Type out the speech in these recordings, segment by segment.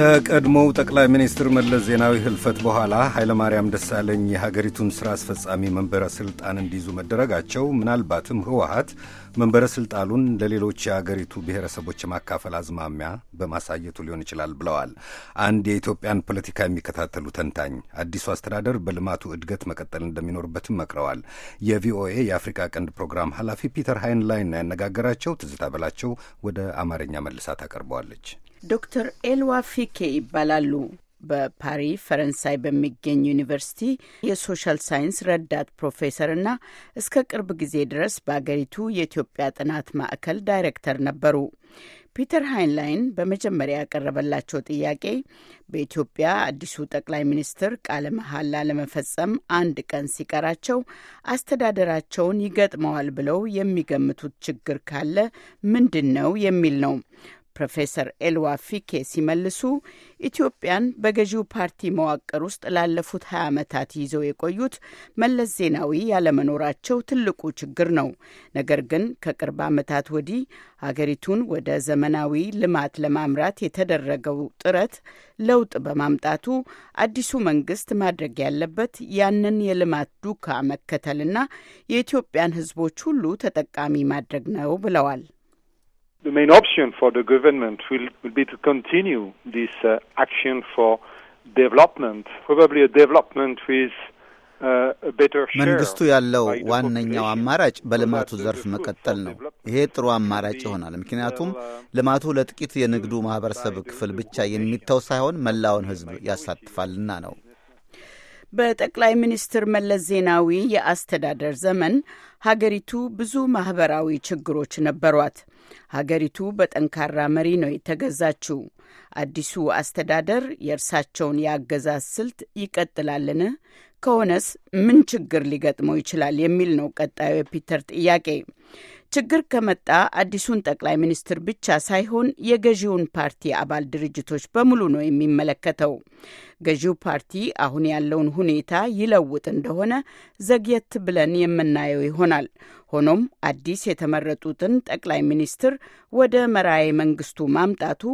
ከቀድሞው ጠቅላይ ሚኒስትር መለስ ዜናዊ ህልፈት በኋላ ኃይለማርያም ደሳለኝ የሀገሪቱን ሥራ አስፈጻሚ መንበረ ሥልጣን እንዲይዙ መደረጋቸው ምናልባትም ህወሀት መንበረ ሥልጣኑን ለሌሎች የአገሪቱ ብሔረሰቦች የማካፈል አዝማሚያ በማሳየቱ ሊሆን ይችላል ብለዋል አንድ የኢትዮጵያን ፖለቲካ የሚከታተሉ ተንታኝ። አዲሱ አስተዳደር በልማቱ እድገት መቀጠል እንደሚኖርበትም መክረዋል። የቪኦኤ የአፍሪካ ቀንድ ፕሮግራም ኃላፊ ፒተር ሃይንላይን ያነጋገራቸው ትዝታ በላቸው ወደ አማርኛ መልሳ ታቀርበዋለች። ዶክተር ኤልዋ ፊኬ ይባላሉ። በፓሪ ፈረንሳይ በሚገኝ ዩኒቨርሲቲ የሶሻል ሳይንስ ረዳት ፕሮፌሰር እና እስከ ቅርብ ጊዜ ድረስ በአገሪቱ የኢትዮጵያ ጥናት ማዕከል ዳይሬክተር ነበሩ። ፒተር ሃይንላይን በመጀመሪያ ያቀረበላቸው ጥያቄ በኢትዮጵያ አዲሱ ጠቅላይ ሚኒስትር ቃለ መሐላ ለመፈጸም አንድ ቀን ሲቀራቸው አስተዳደራቸውን ይገጥመዋል ብለው የሚገምቱት ችግር ካለ ምንድን ነው የሚል ነው። ፕሮፌሰር ኤልዋ ፊኬ ሲመልሱ ኢትዮጵያን በገዢው ፓርቲ መዋቅር ውስጥ ላለፉት 20 ዓመታት ይዘው የቆዩት መለስ ዜናዊ ያለመኖራቸው ትልቁ ችግር ነው። ነገር ግን ከቅርብ ዓመታት ወዲህ ሀገሪቱን ወደ ዘመናዊ ልማት ለማምራት የተደረገው ጥረት ለውጥ በማምጣቱ አዲሱ መንግስት ማድረግ ያለበት ያንን የልማት ዱካ መከተልና የኢትዮጵያን ሕዝቦች ሁሉ ተጠቃሚ ማድረግ ነው ብለዋል። The main option for the government will, will be to continue this uh, action for development, probably a development with መንግስቱ ያለው ዋነኛው አማራጭ በልማቱ ዘርፍ መቀጠል ነው። ይሄ ጥሩ አማራጭ ይሆናል። ምክንያቱም ልማቱ ለጥቂት የንግዱ ማህበረሰብ ክፍል ብቻ የሚተው ሳይሆን መላውን ሕዝብ ያሳትፋልና ነው። በጠቅላይ ሚኒስትር መለስ ዜናዊ የአስተዳደር ዘመን ሀገሪቱ ብዙ ማህበራዊ ችግሮች ነበሯት። ሀገሪቱ በጠንካራ መሪ ነው የተገዛችው። አዲሱ አስተዳደር የእርሳቸውን የአገዛዝ ስልት ይቀጥላልን? ከሆነስ ምን ችግር ሊገጥመው ይችላል? የሚል ነው ቀጣዩ የፒተር ጥያቄ። ችግር ከመጣ አዲሱን ጠቅላይ ሚኒስትር ብቻ ሳይሆን የገዢውን ፓርቲ አባል ድርጅቶች በሙሉ ነው የሚመለከተው። ገዢው ፓርቲ አሁን ያለውን ሁኔታ ይለውጥ እንደሆነ ዘግየት ብለን የምናየው ይሆናል። ሆኖም አዲስ የተመረጡትን ጠቅላይ ሚኒስትር ወደ መራዬ መንግስቱ ማምጣቱ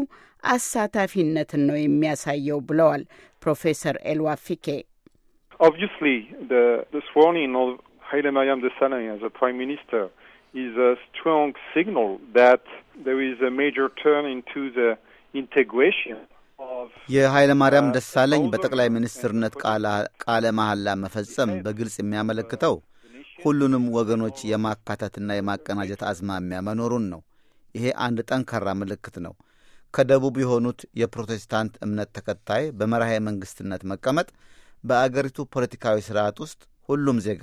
አሳታፊነትን ነው የሚያሳየው ብለዋል ፕሮፌሰር ኤልዋፊኬ። ኦብቪየስሊ ዘ ስወርኒንግ ኃይለማርያም ደሳለኝ ፕራይም ሚኒስተር is a strong signal that there is a major turn into the integration የኃይለ ማርያም uh, ደሳለኝ በጠቅላይ ሚኒስትርነት ቃለ መሐላ መፈጸም በግልጽ የሚያመለክተው ሁሉንም ወገኖች የማካተትና የማቀናጀት አዝማሚያ መኖሩን ነው። ይሄ አንድ ጠንካራ ምልክት ነው። ከደቡብ የሆኑት የፕሮቴስታንት እምነት ተከታይ በመርሃ መንግስትነት መቀመጥ በአገሪቱ ፖለቲካዊ ስርዓት ውስጥ ሁሉም ዜጋ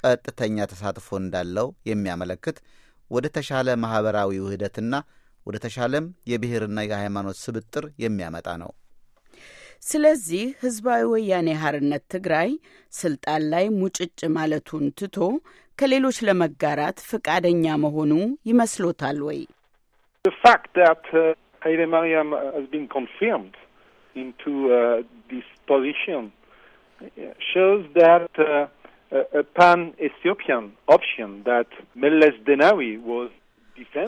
ቀጥተኛ ተሳትፎ እንዳለው የሚያመለክት ወደ ተሻለ ማኅበራዊ ውህደትና ወደ ተሻለም የብሔርና የሃይማኖት ስብጥር የሚያመጣ ነው። ስለዚህ ህዝባዊ ወያኔ ሀርነት ትግራይ ስልጣን ላይ ሙጭጭ ማለቱን ትቶ ከሌሎች ለመጋራት ፈቃደኛ መሆኑ ይመስሎታል ወይ? ኃይለማርያም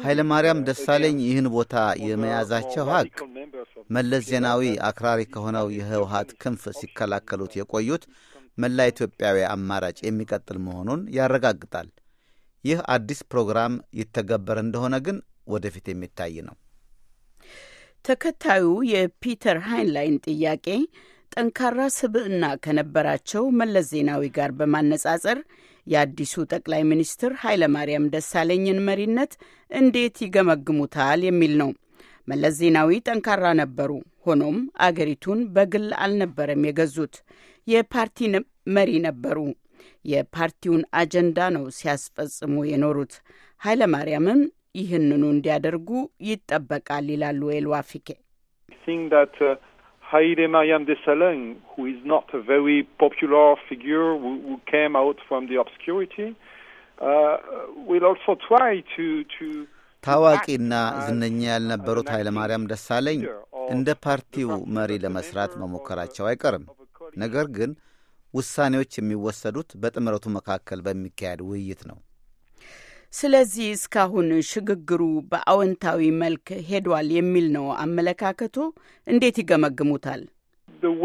ኃይለ ማርያም uh, ደሳለኝ ይህን ቦታ የመያዛቸው ሀቅ መለስ ዜናዊ አክራሪ ከሆነው የህወሀት ክንፍ ሲከላከሉት የቆዩት መላ ኢትዮጵያዊ አማራጭ የሚቀጥል መሆኑን ያረጋግጣል። ይህ አዲስ ፕሮግራም ይተገበር እንደሆነ ግን ወደፊት የሚታይ ነው። ተከታዩ የፒተር ሃይንላይን ጥያቄ ጠንካራ ስብዕና ከነበራቸው መለስ ዜናዊ ጋር በማነጻጸር የአዲሱ ጠቅላይ ሚኒስትር ኃይለማርያም ደሳለኝን መሪነት እንዴት ይገመግሙታል የሚል ነው። መለስ ዜናዊ ጠንካራ ነበሩ። ሆኖም አገሪቱን በግል አልነበረም የገዙት፣ የፓርቲ መሪ ነበሩ። የፓርቲውን አጀንዳ ነው ሲያስፈጽሙ የኖሩት። ኃይለማርያምም ይህንኑ እንዲያደርጉ ይጠበቃል ይላሉ ኤልዋፊኬ። Haile Mariam Desalegn, who is not a very popular figure, who, who came out from the obscurity, uh, will also try to, to ታዋቂና ዝነኛ ያልነበሩት ኃይለ ማርያም ደሳለኝ እንደ ፓርቲው መሪ ለመስራት መሞከራቸው አይቀርም። ነገር ግን ውሳኔዎች የሚወሰዱት በጥምረቱ መካከል በሚካሄድ ውይይት ነው። ስለዚህ እስካሁን ሽግግሩ በአዎንታዊ መልክ ሄዷል የሚል ነው አመለካከቱ። እንዴት ይገመግሙታል? Uh,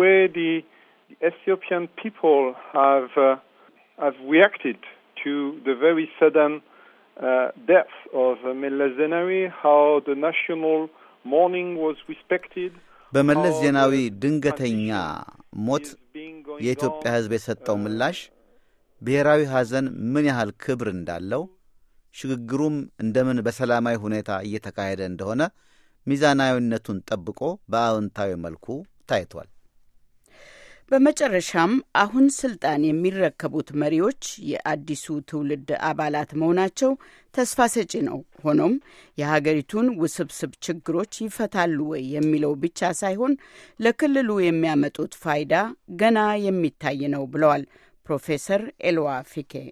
uh, በመለስ ዜናዊ ድንገተኛ ሞት የኢትዮጵያ ሕዝብ የሰጠው uh, ምላሽ ብሔራዊ ሐዘን ምን ያህል ክብር እንዳለው ሽግግሩም እንደምን በሰላማዊ ሁኔታ እየተካሄደ እንደሆነ ሚዛናዊነቱን ጠብቆ በአዎንታዊ መልኩ ታይቷል። በመጨረሻም አሁን ስልጣን የሚረከቡት መሪዎች የአዲሱ ትውልድ አባላት መሆናቸው ተስፋ ሰጪ ነው። ሆኖም የሀገሪቱን ውስብስብ ችግሮች ይፈታሉ ወይ የሚለው ብቻ ሳይሆን ለክልሉ የሚያመጡት ፋይዳ ገና የሚታይ ነው ብለዋል ፕሮፌሰር ኤልዋ ፊኬ።